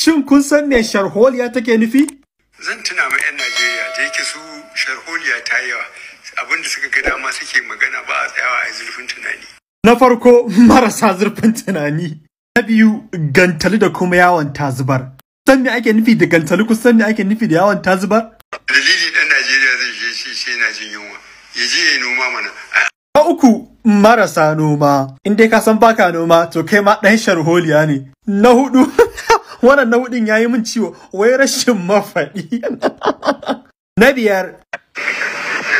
Shin kun san me sharholiya take nufi? Zan tuna ma 'yan Najeriya da yake su sharholiya ta yawa abinda suka ga dama suke magana ba a tsayawa a zurfin tunani. Na farko marasa zurfin tunani. Na biyu gantali da kuma yawon tazubar. San me ake nufi da gantali kusan me ake nufi da yawon tazubar? Dalili ɗan Najeriya zai je shi shi yana jin yunwa. Ya je ya noma mana. Na uku marasa noma. In dai ka san baka noma to kai ma ɗan sharholiya ne. Na hudu wannan nau'in yi min ciwo wai rashin mafaɗi na biyar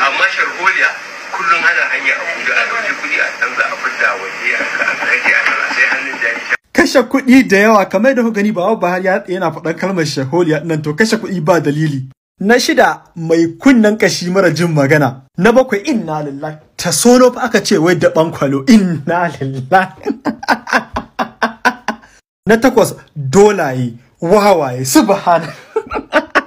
amma sharholiya kullum ana a a ɗauki kudi a canza a waje a a tara sai hannun jari kashe kuɗi da yawa kamar da gani ba Buhari yana faɗan kalmar sharholiya nan to kashe kuɗi ba dalili na shida mai kunnen kashi mara jin magana na bakwai inna lillahi ta sono fa aka ce wai da bankwalo inna lillahi na takwas dolaye wawaye subhana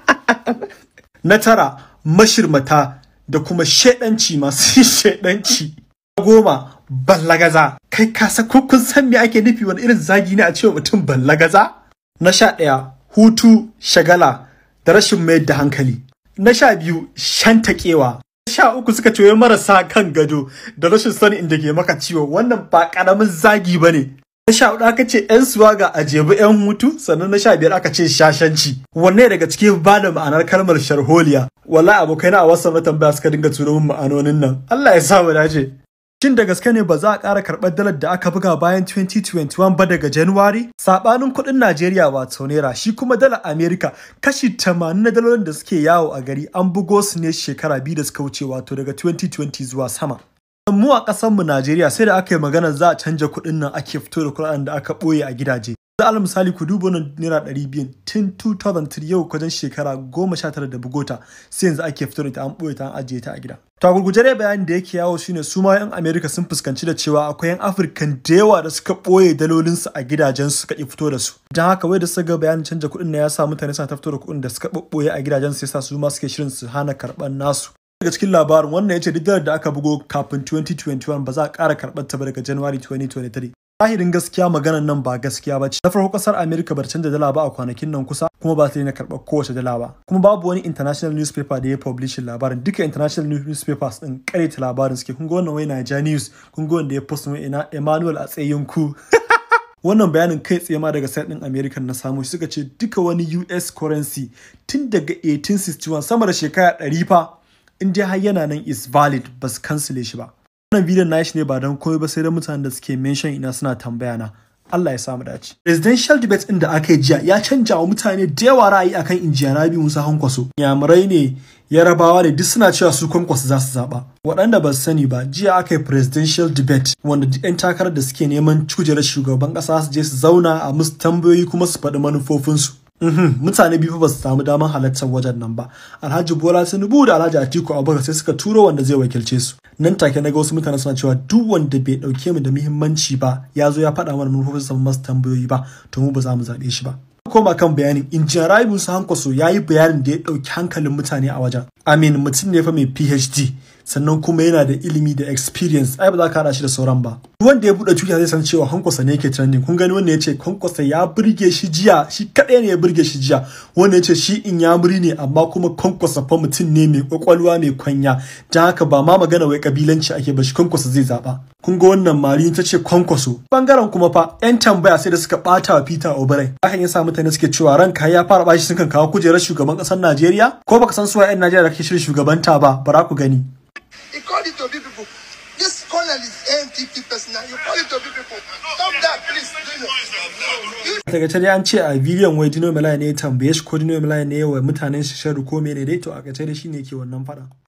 na tara mashirmata da kuma shaidanci masu shaidanci goma ballagaza kai kasa ko san me ake nufi wani irin zagi ne a cewa mutum ballagaza na sha ɗaya hutu shagala da rashin mayar da hankali na sha biyu shantakewa Na sha uku suka ce marasa kan gado da rashin sani inda ke maka ciwo wannan ba ƙaramin zagi ba ne na sha hudu aka ce yan suwaga a jebu yan hutu sannan na sha biyar aka ce shashanci wanne daga cikin ba da ma'anar kalmar sharholiya wallahi abokai na a wasa na tambaya suka dinga turo min ma'anonin nan Allah ya sa mu dace shin da gaske ne ba za a ƙara karɓar dalar da aka buga bayan 2021 ba daga Januwari? Saɓanin kuɗin Najeriya wato Naira shi kuma dalar Amerika kashi 80 na dalolin da suke yawo a gari an bugo su ne shekara biyu da suka wuce wato daga 2020 zuwa sama. mu a mu Najeriya sai da aka yi magana za a canja kuɗin nan ake fito da kuɗaɗen da aka ɓoye a gidaje. Za alal misali ku duba wannan naira ɗari biyu tun 2003 yau kwajen shekara goma sha tara da bugota sai yanzu ake fito da ita an ɓoye ta an ajiye ta a gida. To a gurguje bayanin da yake yawo shine su ma 'yan Amerika sun fuskanci da cewa akwai 'yan Afirkan da yawa da suka ɓoye dalolinsu a gidajen suka fito da su. Don haka wai da suka ga bayanin canja kuɗin na ya sa mutane suna ta fito da kuɗin da suka ɓoɓɓoye a gidajen su sai sa su ma suke shirin su hana karɓar nasu. daga cikin labarin wannan ya ce da aka bugo kafin 2021 ba za a ƙara karɓar ta ba daga January 2023. Zahirin gaskiya maganan nan ba gaskiya ba ce. Na farko kasar Amerika bar canza dala ba a kwanakin nan kusa kuma ba ta na karɓar kowace dala ba. Kuma babu wani international newspaper da ya publish labarin. Duka international newspapers din ta labarin suke. Kun ga wannan wai Naija News, kun ga wanda ya post ina Emmanuel a tsayin ku. wannan bayanin kai tsaye ma daga site din American na samu suka ce duka wani US currency tun daga 1861 sama da shekara 100 fa in dai har yana nan is valid ba su cancel shi ba wannan bidiyon na shi ne ba don komai ba sai da mutanen da suke mention ina suna tambaya na Allah ya samu dace. Presidential debate din da aka yi jiya ya canja wa mutane da yawa ra'ayi akan injiya Rabi Musa Hankwaso. Yamurai ne Yarabawa ne duk suna cewa su Hankwaso za su zaɓa. Waɗanda ba su sani ba jiya aka yi presidential debate wanda duk 'yan takarar da suke neman cujerar shugaban ƙasa su je su zauna a musu tambayoyi kuma su faɗi manufofinsu. Mhm, mutane biyu ba su samu damar halartar wajen nan ba alhaji bola tinubu da alhaji atiku abubakar sai suka turo wanda zai wakilce su nan take na ga wasu mutane suna cewa duk wanda bai dauke mu da muhimmanci ba ya zo ya faɗa mana mun sa masu tambayoyi ba to mu ba za mu zaɓe shi ba koma kan bayanin injiniya rabi musa hankwaso ya yi bayanin da ya ɗauki hankalin mutane a wajen amin mutum ne fa mai phd sannan kuma yana da ilimi da experience ai ba za ka hada shi da sauran ba wanda ya bude tuki zai san cewa hankosa ne yake trending kun gani wanda ya ce hankosa ya burge shi jiya shi kadai ne ya burge shi jiya wanda ya ce shi in ya muri ne amma kuma hankosa fa mutum ne mai kwakwalwa mai kwanya dan haka ba ma magana wai kabilanci ake ba shi hankosa zai zaba kun ga wannan mari ta ce kwankwaso bangaren kuma fa yan tambaya sai da suka bata wa peter obirai hakan yasa mutane suke cewa ranka ya fara bashi sun kan kawo kujerar shugaban kasar najeriya ko baka san suwa yan najeriya da kake shirin shugabanta ba bara ku gani daga dai an ce a bidiyon wai dino malaya ne ya tambaye shi ko dino malaya ne ya wa mutanen shi sharu ko mene dai to a takaice da shi ne ke wannan fada